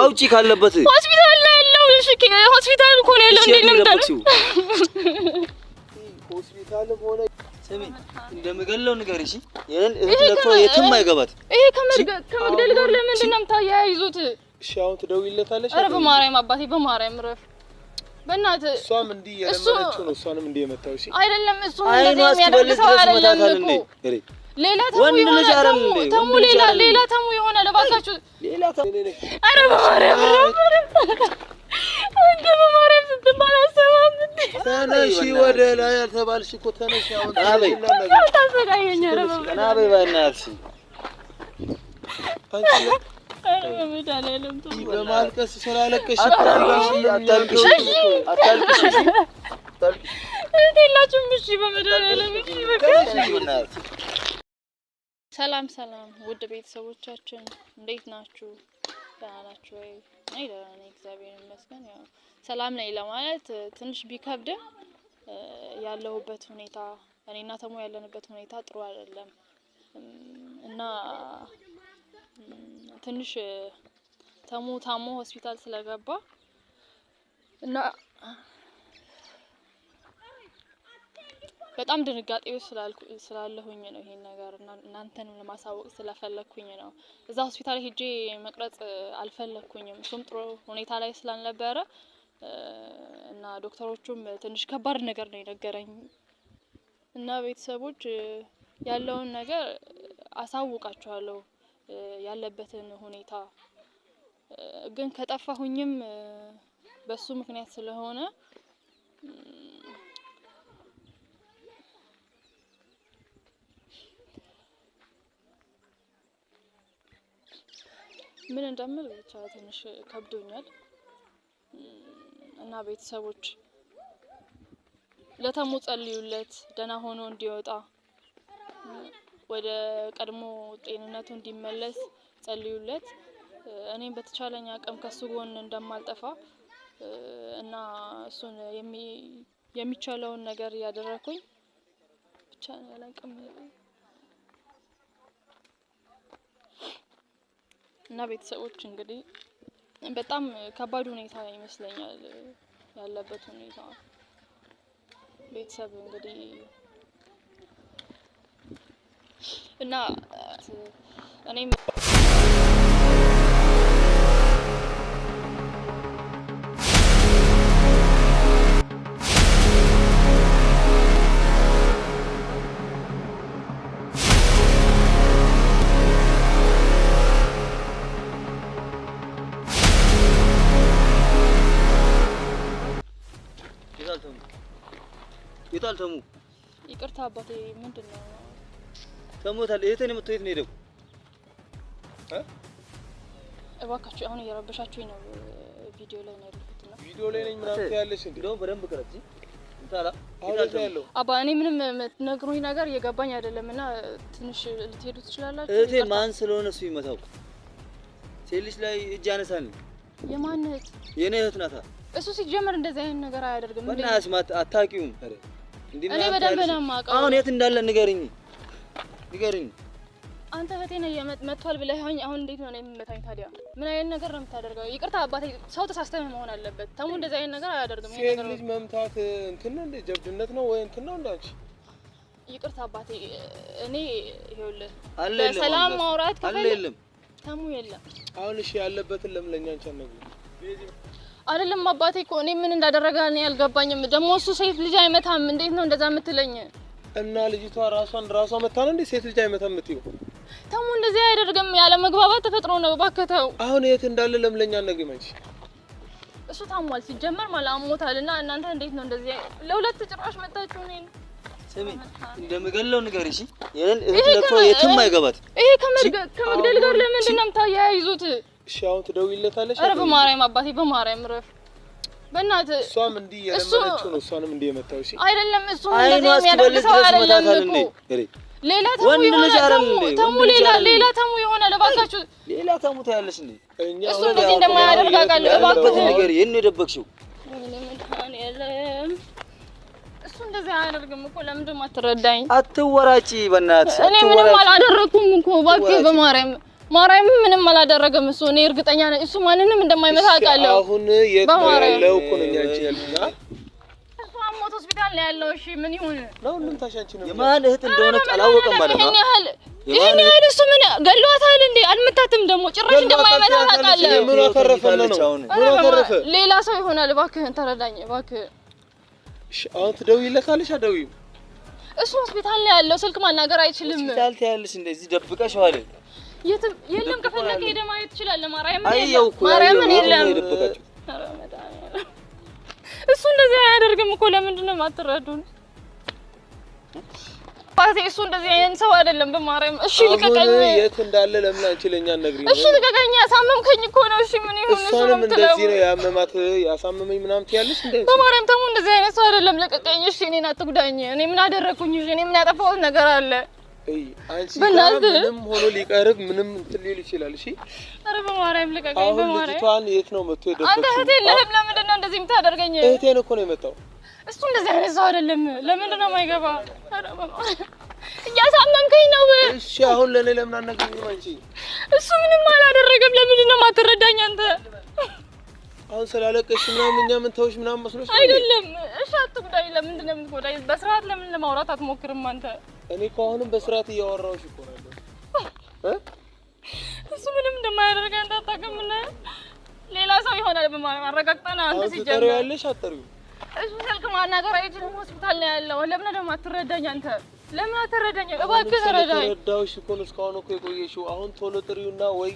አውጪ ካለበት ሆስፒታል ላይ ያለው ሆስፒታል እኮ ነው ያለው። እንዴት ነው ሆስፒታል ሆነ እንደምገለው ንገሪ። እሺ ይሄን እህት የትም አይገባት። ይሄ ከመግደል ጋር ለምንድን ነው የምታያይዙት? እሺ አሁን ትደውይለታለሽ። ኧረ በማርያም አባቴ በማርያም ረፍ በእናትህ እሷም እንዲህ የለመደችው ነው። እሷንም እንዲህ የመታው እሺ አይደለም እሱ እንደዚህ የሚያደርግ ሰው አይደለም እኮ ሌላ ተሙ የሆነ ተሙ ሌላ ሌላ ተሙ የሆነ ለባካችሁ ሌላ ተሙ አረ በማርያም እንደ በማርያም ስትባል አሰማም ተነሺ ወደ ላይ አልተባልሽ እኮ ተነሺ አሁን ታሰቃየኝ በእናትሽ በማልቀስ ስላለቀሽ አታልቅሽ የላችሁም እሺ በመድኃኒዓለም እሺ በቃ ሰላም ሰላም ውድ ቤተሰቦቻችን እንዴት ናችሁ? ደህና ናችሁ ወይ? እኔ ደህና ነኝ እግዚአብሔር ይመስገን። ያው ሰላም ነኝ ለማለት ትንሽ ቢከብድም ያለሁበት ሁኔታ እኔና ተሞ ያለንበት ሁኔታ ጥሩ አይደለም እና ትንሽ ተሞ ታሞ ሆስፒታል ስለገባ እና በጣም ድንጋጤ ስላለሁኝ ነው ይሄን ነገር እናንተንም ለማሳወቅ ስለፈለግኩኝ ነው። እዛ ሆስፒታል ሄጄ መቅረጽ አልፈለግኩኝም። እሱም ጥሩ ሁኔታ ላይ ስላልነበረ እና ዶክተሮቹም ትንሽ ከባድ ነገር ነው የነገረኝ እና ቤተሰቦች ያለውን ነገር አሳውቃችኋለሁ ያለበትን ሁኔታ ግን ከጠፋሁኝም በሱ ምክንያት ስለሆነ ምን እንደምል ብቻ ትንሽ ከብዶኛል እና ቤተሰቦች ለተሙ ጸልዩለት፣ ደህና ሆኖ እንዲወጣ ወደ ቀድሞ ጤንነቱ እንዲመለስ ጸልዩለት። እኔም በተቻለኝ አቅም ከሱ ጎን እንደማልጠፋ እና እሱን የሚቻለውን ነገር እያደረኩኝ ብቻ ነው ያላቅም እና ቤተሰቦች እንግዲህ በጣም ከባድ ሁኔታ ይመስለኛል ያለበት ሁኔታ። ቤተሰብ እንግዲህ እና እኔም ሞተሃል ተሙ። ይቅርታ አባቴ። ምንድን ነው ተሞታል? እህትን የምትሄድ ነው የሄደው። እባካችሁ አሁን እየረበሻችሁኝ ነው። ቪዲዮ ላይ ነው ያለሁት። ነው ቪዲዮ ላይ ነኝ ምናምን ያለሽ እንደውም በደንብ ቅረጽ አባ እኔ ምንም ነግሩኝ ነገር እየገባኝ አይደለም። እና ትንሽ ልትሄዱ ትችላላችሁ። እህቴ ማን ስለሆነ እሱ ይመታው። ሴት ልጅ ላይ እጅ ያነሳል። የማን እህት? የእኔ እህት ናታ። እሱ ሲጀመር እንደዚህ አይነት ነገር አያደርግም። አስማት አታውቂውም እኔ በደንብ ነው የማውቀው። አሁን የት እንዳለ ንገርኝ፣ ንገርኝ። አንተ እህቴን መጥቷል ብለህ አሁን እንዴት ነው የምመታኝ ታዲያ? ምን አይነት ነገር ነው የምታደርገው? ይቅርታ አባቴ፣ ሰው ተሳስተህ መሆን አለበት። ተሙ እንደዚህ አይነት ነገር አያደርግም። ይሄ ልጅ መምታት እንትን እንደ ጀብድነት ነው ወይ እንትን ነው እንዳንቺ ይቅርታ አባቴ፣ እኔ ይኸውልህ በሰላም ማውራት ከፈለግን ተሙ የለም። አሁን እሺ ያለበትን ለምን አንቺ አትነግሪም? አይደለም አባቴ እኮ እኔ ምን እንዳደረገ እኔ አልገባኝም። ደግሞ እሱ ሴት ልጅ አይመታም። እንዴት ነው እንደዛ የምትለኝ? እና ልጅቷ ራሷን ራሷ መታ ነው እንዴ? ሴት ልጅ አይመታም የምትይው? ተሙ እንደዚህ አያደርግም። ያለ መግባባት ተፈጥሮ ነው። ባከተው አሁን የት እንዳለ ለምለኛ ነገ መች እሱ ታሟል ሲጀመር ማለት አሞታል። እና እናንተ እንዴት ነው እንደዚህ ለሁለት ጭራሽ መታችሁ? እኔን ስሚ፣ እንደምገለው ንገሪ። እሺ፣ ይሄን እህት የትም አይገባት። ይሄ ከመግደል ጋር ለምንድን ነው የምታያይዙት? እሺ አሁን ትደውይለታለሽ። ኧረ በማርያም አባቴ፣ በማርያም ረፍ፣ በእናት እሷም እንዲህ የለመነችው ነው። እሷንም እንዲህ የመታው እሺ፣ አይደለም እሱ አይደለም እኮ ሌላ ተሙ ይሆናል። ተሙ ሌላ ሌላ ተሙ ሌላ ተሙ ታያለሽ እንዴ? እሱ እንደዚህ እንደማያደርግ አውቃለሁ። እባክህ ነገር ይሄን ነው የደበቅሽው። እሱ እንደዚህ አያደርግም እኮ ለምንድን ነው የማትረዳኝ? አትወራጪ፣ በእናት እኔ ምንም አላደረኩም እኮ እባክህ በማርያም ማርያም ምንም አላደረገም። እሱ እኔ እርግጠኛ ነኝ እሱ ማንንም እንደማይመታ አውቃለሁ። አሁን የት ነው ያለው? እኮ ነው ሆስፒታል ነው ያለው። እሺ ምን ይሁን ለሁሉም ታሻንቺ ነው የማን እህት አላወቀም ማለት ነው። ይሄን ያህል እሱ ምን ገሏታል እንዴ? አልመታትም ደግሞ ጭራሽ እንደማይመታ አውቃለሁ። ምን ነው? ምን አተረፈ? ሌላ ሰው ይሆናል። እባክህን ተረዳኝ እባክህ። እሺ አሁን ትደውይለታለሽ አደውይም። እሱ ሆስፒታል ነው ያለው። ስልክ ማናገር አይችልም። ሆስፒታል ትያለሽ እንደዚህ ደብቀሽ ማለት የለም ከፈለገ ሄደህ ማየት ትችላለህ። ማርያምን የለም እሱ እንደዚህ አያደርግም እኮ ለምንድን ነው የማትረዱን? ፓርቲ እሱ እንደዚህ አይነት ሰው አይደለም። በማርያም እሺ ልቀቀኝ። የት እንዳለ ለምን አንቺ ለኛ ነግሪኝ። እሺ ልቀቀኝ። ያሳመምከኝ እኮ ነው። እሺ ምን ይሁን እሱ ነው እንደዚህ ነው ያመማት ያሳመመኝ ምናምን ትያለሽ። እንደዚህ በማርያም ተሙ እንደዚህ አይነት ሰው አይደለም። ልቀቀኝ። እሺ እኔን አትጉዳኝ። እኔ ምን አደረኩኝ? እኔ ምን ያጠፋሁት ነገር አለ? ምንም ሆኖ ሊቀርብ ምንም እንትን ሊል ይችላል። እሺ፣ ኧረ በማርያም ልቀቀኝ። በማርያም ልጅቷን የት ነው መጥቶ የደረሰው? አንተ እህቴ የለህም። ለምንድን ነው እንደዚህ የምታደርገኝ? እህቴን እኮ ነው የመጣው። እሱ እንደዚህ አይነት ሰው አይደለም። ለምንድን ነው የማይገባ? ኧረ በማርያም እያሳመምከኝ ነው። እሺ፣ አሁን ለእኔ ለምን አነግሪኝም አንቺ? እሱ ምንም አላደረገም። ለምንድን ነው የማትረዳኝ አንተ? አሁን ስላለቀሽ ምናምን እኛ ምን ተውሽ ምናምን መስሎሽ አይደለም። እሺ፣ አትጉዳይ። ለምንድን ነው የምትጎዳኝ? በስርዓት ለምን ለማውራት አትሞክርም አንተ? እኔ እኮ አሁንም በስርዓት እያወራሁሽ እኮ ነው ያለው። እሱ ምንም እንደማያደርግ እንዳታውቅም እና ሌላ ሰው ይሆናል በማረጋግጠና አንተ ሲጀምር ያለሽ አጠሪው እሱ ስልክ ማናገር አይችልም። ሆስፒታል ነው ያለው። ለምን ደግሞ አትረዳኝ? አንተ ለምን አትረዳኝ? እባክህ ተረዳኝ። ረዳሁሽ እኮ ነው እስካሁን እኮ የቆየሽው። አሁን ቶሎ ጥሪውና ወይ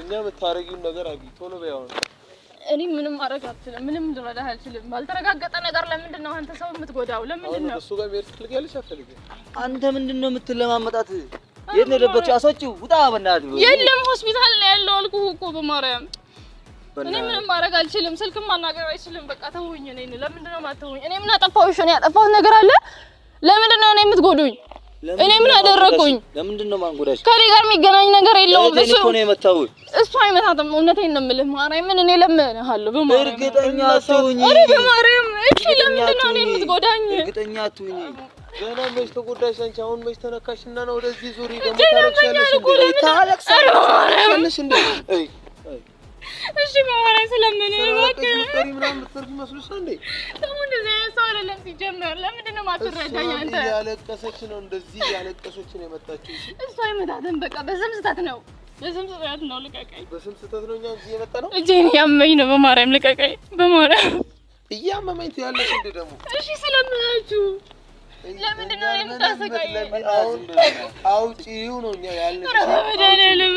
እኛ የምታረጊውን ነገር አግኝ ቶሎ በያው ነው እኔ ምንም ማድረግ አልችልም። ምንም ልረዳህ አልችልም። ባልተረጋገጠ ነገር ለምንድን ነው አንተ ሰው የምትጎዳው? ለምንድን ነው እሱ ጋር መሄድ ትፈልጊያለሽ? አንተ ምንድን ነው የምትለማመጣት? የት ነው የደበቅሽው? አስወጪው! ውጣ በእናትህ! የለም ሆስፒታል ላይ ያለው አልኩህ እኮ በማርያም እኔ ምንም ማድረግ አልችልም። ስልክም ማናገር አይችልም። በቃ ተውኝ። እኔ ለምንድን ነው የማትተውኝ? እኔ ምን አጠፋሁሽ? እኔ ያጠፋሁት ነገር አለ? ለምንድን ነው እኔ የምትጎዱኝ? እኔ ምን አደረኩኝ? ለምንድን ነው ማንጎዳሽ? ከኔ ጋር የሚገናኝ ነገር የለውም። እሱ እኮ ነው የመታው። እሱ አይመታትም። እውነቴን ነው የምልህ ማርያምን። እኔ ለምንሃለሁ በማርያም እርግጠኛ ትሁኝ። እኔ በማርያም እሺ። ለምንድን ነው እኔ የምትጎዳኝ? እርግጠኛ ትሁኝ። ገና መች ተጎዳሽ አንቺ? አሁን መች ተነካሽና ነው ወደዚህ ዙሪ ደግሞ ታለቅሻለሽ እንዴ? ታለቅሻለሽ እንዴ? እሺ ማማራይ ስለምን እባክህ ምናምን ነው ያለቀሰች ነው እንደዚህ ያለቀሰች ነው የመጣችው። እሷ አይመታትም። በቃ በስም ስህተት ነው፣ በስም ስህተት ነው። ልቀቀኝ። በስም ስህተት ነው እኛ እዚህ የመጣ ነው። እጄን ያመኝ ነው። በማርያም ልቀቀኝ። በማርያም እያመመኝ ትያለሽ እንደ ደግሞ እሺ ስለምናችሁ ለምንድን ነው የምታሰቃየው? አውጪው ነው እኛ ያልነው። ኧረ በመድኃኒዓለም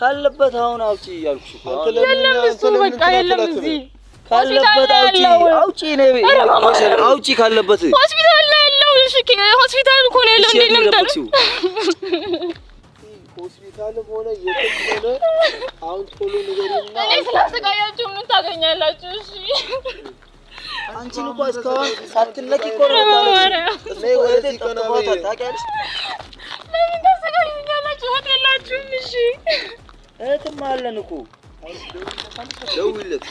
ካለበት አሁን አውጪ እያልኩሽ እኮ የለም፣ እሱን በቃ የለም። እዚህ ካለበት አውጪ አውጪ ነው አውጪ ካለበት ሆስፒታል ላይ ያለው እሺ፣ ሆስፒታል እኮ ነው ያለው። እንዴት ነው የምታለው? ሆስፒታልም ሆነ የትም ሆነ አሁን ቶሎ ንገሪና፣ እኔ ስላሰቃያችሁ ምን ታገኛላችሁ? እሺ አንቺን እኮ እስካሁን እኮ ነው ማለት ነው። ለይ ወለቴ ታውቂያለሽ። ለምን ታሰቃዩኛላችሁ? ወጥ የላችሁም። እሺ እህትም አለን እኮ ደውይለት።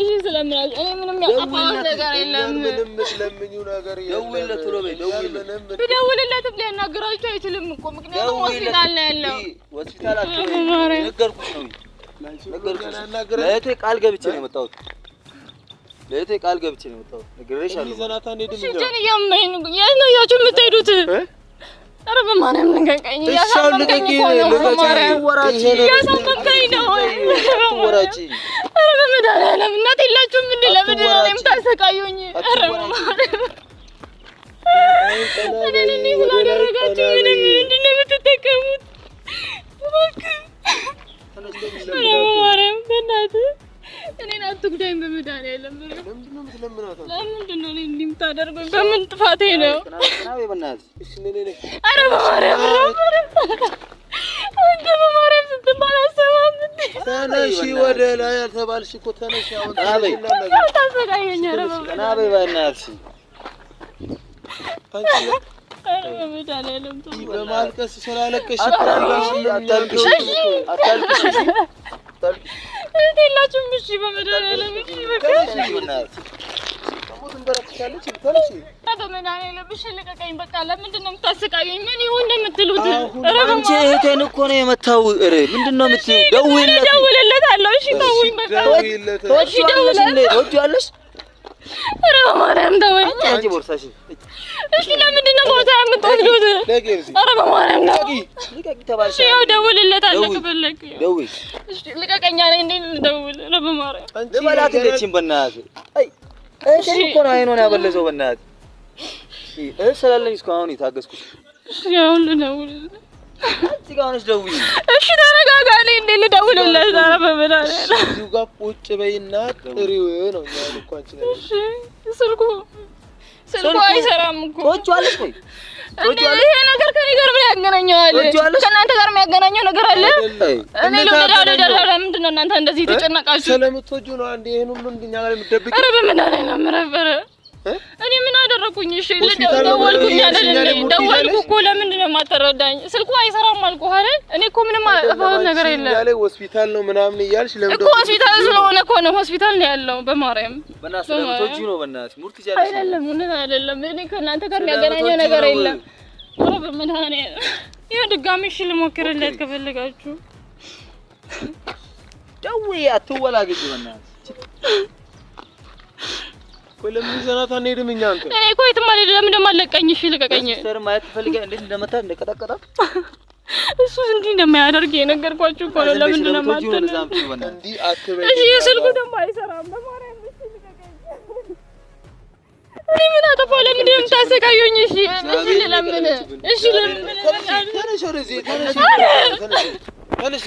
እሺ፣ ስለምናል እኔ ምንም ያጠፋሁት ነገር የለም። ምንም ስለምኙ ነገር የለም። ደውይለት ብሎ በይ። ደውይለት ብደውልለትም ሊያናግራችሁ አይችልም እኮ ምክንያቱም ሆስፒታል ነው ያለው። ሆስፒታል ነገርኩሽ ነው ነገርኩሽ። ለእህቴ ቃል ገብቼ ነው የመጣሁት። ለእህቴ ቃል ገብቼ ነው የመጣሁት። ነግሬሻለሁ። እሺ፣ እንትን እያመመኝ ነው። የት ነው እያችሁ የምትሄዱት? ኧረ በማርያም ልቀቀኝ! እያሳመምከኝ እኮ ነው። እያሳመምከኝ ኧረ በመድኃኒዓለም እናት የላችሁም እንደ ለምንድን ነው ኧረ በማርያም እኔን እንዲህ ስላደረጋችሁ ምንድን ነው የምትጠቀሙት? ኧረ በማርያም በእናትህ እኔን አትጉዳኝ። በመድኃኒዓለም ለምንድን ነው እኔን እንዲህ የምታደርጉኝ? በምን ጥፋቴ ነው? ሌላ ያልተባልሽ እኮ ተነሽ። አሁን አልታዘጋኘኝ። በእናትሽ በማልቀስ ስላለቀሽ አታልቅሽ፣ አታልቅሽ። እህት የላችሁም? እሺ በመድኃኒዓለም ትንበረክካለች። ልታለች በመድኃኒዓለም ብሽ ልቀቀኝ። በቃ ለምንድን ነው የምታሰቃየኝ? ምን ይሁን እንደምትሉት አንቺ እህቴን እኮ ነው የመታው። ኧረ ምንድን ነው የምትይው? ደውዪለት፣ እደውልለታለሁ። እሺ ተውኝ፣ በቃ ኧረ በማርያም ተወኝ። አንቺ ቦርሳሽን እሺ፣ ለምንድን ነው ቦታ የምትወስዱት? ኧረ በማርያም ነው። እሺ ያው እደውልለታለሁ ከፈለክ ደውዪ። እሺ ልቀቀኝ አለኝ። እንዴት ልደውል? ኧረ በማርያም ልበላት። እንደት በእናትህ አይ እሺ እኮ ነው አይኑን ያበለዘው። በእናትህ እሺ፣ እህ ስላለኝ እስካሁን አሁን የታገስኩት። እሺ፣ አሁን ልደውልልህ። እዚህ ጋር ሆነሽ ደውዪ። እሺ፣ ተረጋጋ። እኔ እንዴት ልደውልልህ? ዛሬ በመድኃኒዓለም እዚሁ ጋር ቁጭ በይና ጥሪው ነው። እኛ እሺ፣ ስልኩ ስልኩ አይሰራም እኮ ተወጪዋለሽ። ቆይ ይሄ ነገር ከኔ ጋር ምን ያገናኘዋል? ከእናንተ ጋር የሚያገናኘው ነገር አለ? እኔ ለምዳዳ ለምንድን ነው እናንተ እንደዚህ የተጨነቃችሁ? ስለምትወጂው ነው። አንዴ ይሄን ሁሉ እንድኛ ጋር የምትደብቂው? ኧረ በምን ላይ ነው የምረበረ እኔ ምን አደረኩኝ? እሺ ደወልኩኝ አይደል እንዴ? ደወልኩ እኮ ለምንድን ነው የማትረዳኝ? ስልኩ አይሰራም አልኩ አይደል? እኔ እኮ ምንም አጥፋው ነገር የለም ያለ ሆስፒታል ነው ምናምን እያልሽ ለምን እኮ ሆስፒታል ስለሆነ እኮ ነው ሆስፒታል ነው ያለው። በማርያም በእናትሽ ነው በእናትሽ ሙርት ይያለሽ አይደለም፣ እውነት አይደለም። እኔ ከእናንተ ጋር የሚያገናኘው ነገር የለም። ወረ በመድኃኔ ይሄ ድጋሚ እሺ ልሞክርለት ከፈለጋችሁ ደውዬ አትወላገጂ በእናትሽ ቆይ ለምን ይዘናት አንሄድም? እኛ አንተ እኔ ቆይ የትም አልሄድም። ለምን ደግሞ አለቀኝ? እሺ ልቀቀኝ። ሲስተር ማለት ትፈልጊያለሽ? እንዴት እንደመታት እንደቀጠቀጣት እሱ እንዲህ እንደማያደርግ የነገርኳችሁ እኮ ነው። ለምን እንደማትል እሺ። የስልኩ ደግሞ አይሰራም። በማርያም እሺ ልቀቀኝ። እኔ ምን አጠፋሁ? ለምን ደግሞ የምታሰቃየኝ? እሺ እሺ፣ ለምን እሺ፣ ለምን ተነሽ፣ ወደዚህ ተነሽ፣ ተነሽ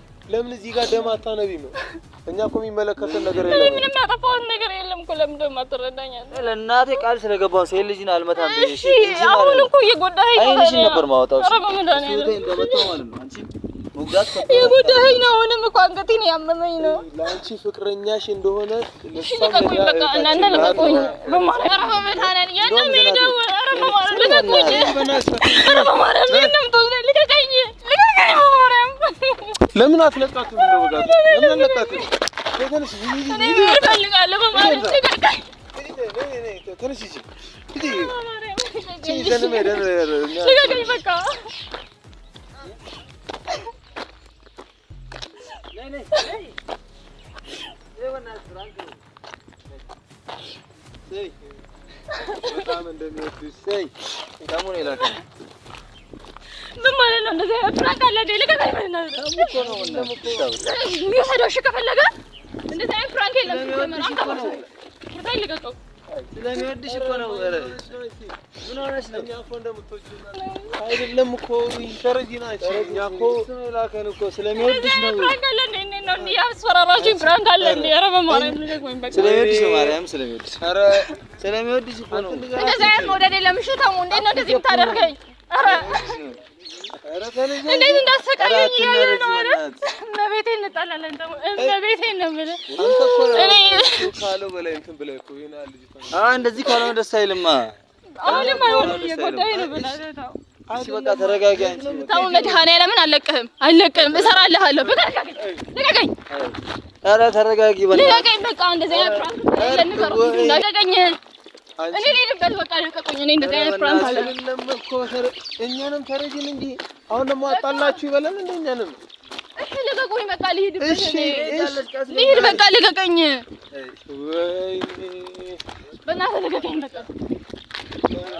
ለምን እዚህ ጋር ደም አታነቢም? እኛ እኮ የሚመለከተን ነገር የለም። ምንም ያጠፋሁት ነገር የለም እኮ ለምን ደም አትረዳኛለህ? ለእናቴ ቃል ስለገባሁ ሴት ልጅን አልመታም እሺ አሁን እኮ እየጎዳኸኝ አይንሽን ነበር ማወጣው። ኧረ በመድኃኒዓለም የጎዳኸኝ ነው። አሁንም እኮ አንገቴን ያመመኝ ነው። ለአንቺ ፍቅረኛሽ እንደሆነ ለምን አትለቃትም? ምን ማለት ነው? እንደዚህ ፍራንክ አለ እንደ ልቀቀኝ። ምን ነው የሚወስደው? እሺ ከፈለገ እንደዚህ አይነት ፍራንክ የለም። ስለሚወድሽ እኮ ነው። አይደለም እኮ ተረጂ ናቸው። እኛ እኮ እኮ ስለሚወድሽ ነው። ስለሚወድሽ እኮ ነው። እንደዚህ አይነት መውደድ የለም። እሺ እንዴት ነው እንደዚህ የምታደርገኝ? እንዴት እንዳሰቃየኝ ነው። ኧረ እመቤቴ እንጣላለን። ነው የምልህ። እንደዚህ ካልሆነ ደስ አይልማ አሁንም አይሆንም። እየጎዳኝ ነው ብለህ ተው። እሺ በቃ ተረጋጋ። ተው፣ መድኃኒዓለምን አልለቅህም፣ አልለቅህም፣ እሰራልሃለሁ። ልቀቀኝ። ኧረ ተረጋጊ፣ እኛንም ተረጅን እንጂ አሁን ደግሞ አጣላችሁ ይበላል እንደ እኛንም ልቀቁኝ። በቃ ልሄድበት፣ ልሂድ። በቃ ልቀቀኝ፣ በእናትህ ልቀቀኝ። በቃ Yeah.